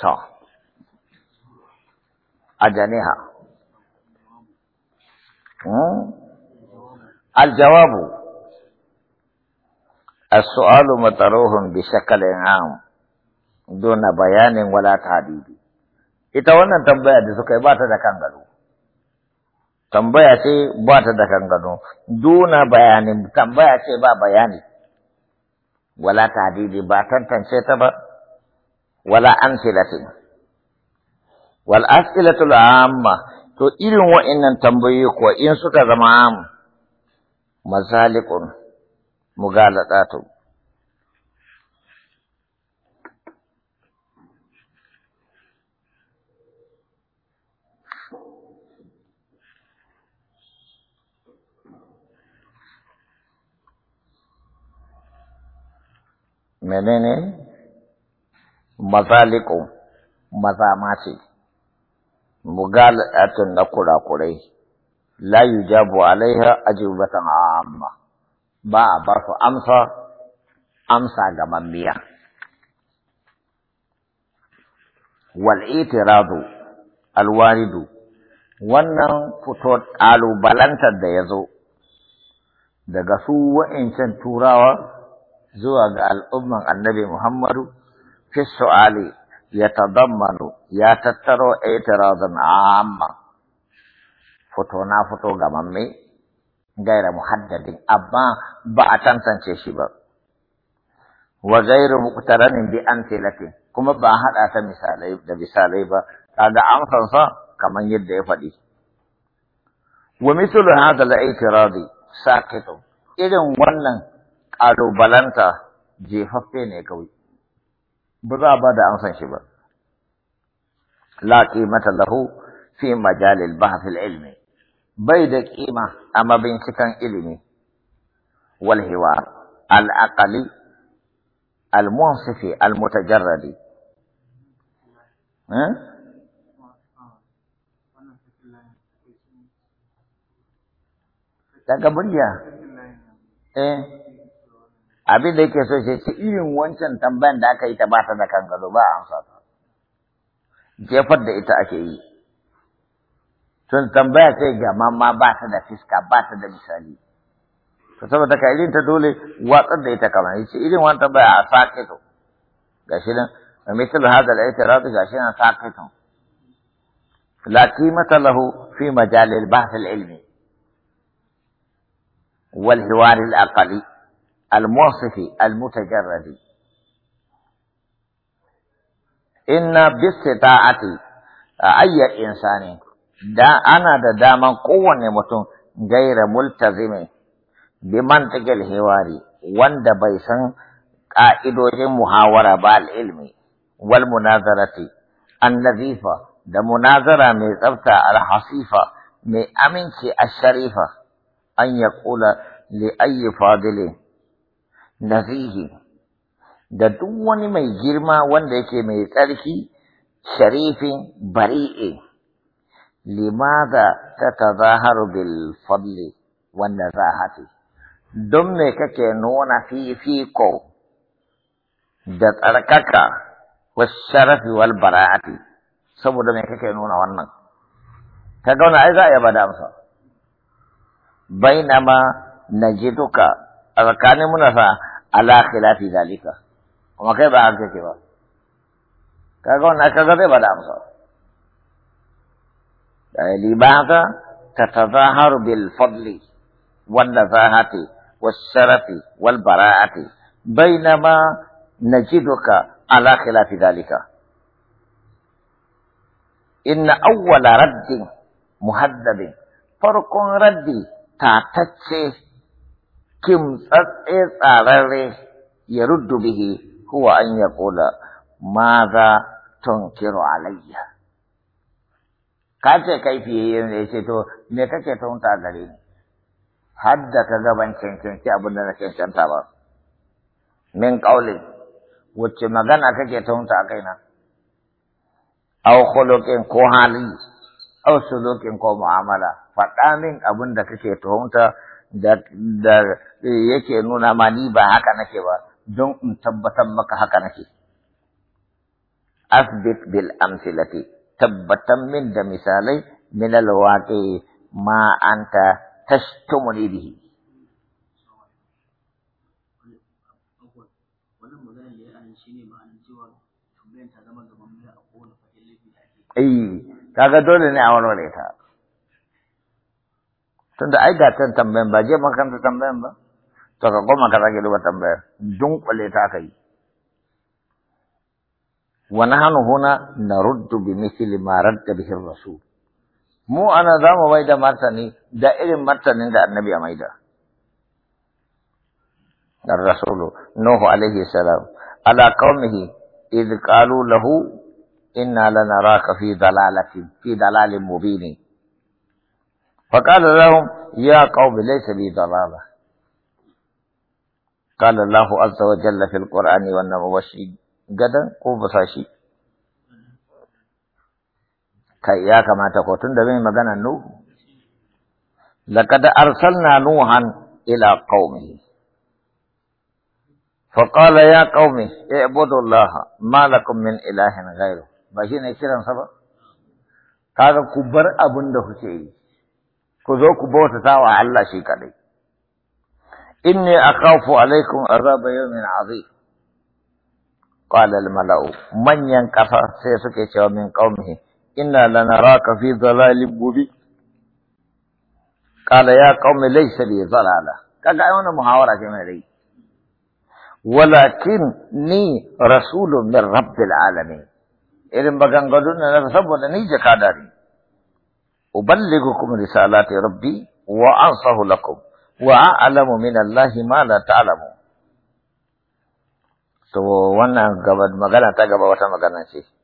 to ajaniha hmm? as-su'alu mataruhun bi بشكل am دون bayanin wala tadidi ita wannan tambaya da suka yi ba ta da kan gado tambaya ce ba ta da kan gado duna bayani tambaya ce ba bayani wala tadidi ba tantance ta ba wala amsilatin wal as'ilatul amma to irin wa'annan tambayoyi kuwa in suka zama am mazalikun mugaladatu menene maza mazama ce, mugalatun na kurakurai, la yujabu alaiha ajibatan amma, ba a bar su amsa, amsa ga mamiya. itiradu al waridu wannan fito balantar da ya zo, daga su wa'incan turawa zuwa ga al'umman annabi Muhammadu في السؤال يتضمن يا تترو اعتراضا عاما فتونا فتو غمامي غير محدد أما بعتن تنشيشبا وغير مقترن بأمثلة كما باهر أتى مثالي بمثالي با هذا أمثل كما يدعي فدي ومثل هذا الاعتراض ساكت إذن ونن قالوا بلنتا جيففين كوي ba za ba da amsan shi ba la qimata lahu fi majalil bahth ilmi bai da kima a mabincikan ilimi wal hiwar al aqali al munsifi al mutajarradi daga burya eh abin da yake so shi ce irin wancan tambayan da aka yi ta ba ta da kan gado ba amsa ta jefar da ita ake yi tun tambaya sai ga mamma ba ta da fiska ba ta da misali to saboda ka irin ta dole watsar da ita kamar yace irin wannan tambaya a sake to gashi nan a misal hada da ita rabu gashi nan sake to la qimata lahu fi majalil bahth al-ilmi wal hiwar al-aqli الموصف المتجرد إن باستطاعتي أي إنسان دا أنا دا داما قوة متون غير ملتزم بمنطق الحواري وان دا بيسن قائدوهم محاورة بالعلم والمناظرة النظيفة دا مناظرة من ثبتة الحصيفة من أمنك الشريفة أن يقول لأي فاضل نزيهي دا دوواني مي جرما وانده مي تاركي شريف بريئي لماذا تتظاهر بالفضل والنزاهة دمني ككي نونا في فيكو دا ترككا والشرف والبراءة سبو دمني ككي نونا وانن تقولنا عزا يا بدامسا بينما نجدك a tsakanin muna fa ala khilafi zalika kuma kai ba haka ke ba kaga wannan kaga zai bada amsa تتظاهر بالفضل والنزاهة والشرف والبراءة بينما نجدك على خلاف ذلك إن أول رد مهذب فرق رد تاتشي kimtsatse tsararre ya ruddu bihi kuwa an ya kula maza kiro alayya ka ce kai da ya ce to me kake tunta gare ni har ka gaban cancanci abin da na cancanta ba min ƙauli wacce magana kake tunta a kaina au kholokin ko hali au lokin ko mu'amala faɗa min abin da kake tuhumta da yake nuna ma ni ba haka nake ba don in tabbatar maka haka nake asbit bil amsilati tabbatan min da misalai min alwaqi ma anta tashtumuni bihi Eh, kaga dole ne a warware ta. tunda ai ga tan tambayan ba je makaranta tambayan ba to ka goma ka sake duba tambayar dunkule ta kai wa nahnu huna naruddu bi mithli ma radda bihi rasul mu ana za mu bai da martani da irin martanin da annabi ya maida ar-rasulu نوح alaihi salam ala qaumihi إذ qalu lahu inna lanaraka fi dalalatin fi dalalin مبين فقال لهم يا قوم ليس بي ضلاله قال الله عز وجل في القران وأنه وشي والنبوشي غدا قوبساشي كي يا كما تقوتون دبي مغانا نوح لقد ارسلنا نوحا الى قومه فقال يا قومي اعبدوا الله ما لكم من اله غيره بشين اشيرا صبا قال كبر ابن شيء كذوك بوت ثاوى على شيء كذي إني أخاف عليكم عذاب يوم عظيم قال الملأ من ينكف سيسك شو من قومه إنا لنراك في ضلال مبين قال يا قوم ليس لي ضلالة قال أنا محاورة جمالي ولكنني رسول من رب العالمين إذن بغن قدرنا نفسه ولا نيجي قادرين أبلغكم رسالات ربي وأنصه لكم وأعلم من الله ما لا تعلمون to wannan gaba magana ta gaba wata magana ce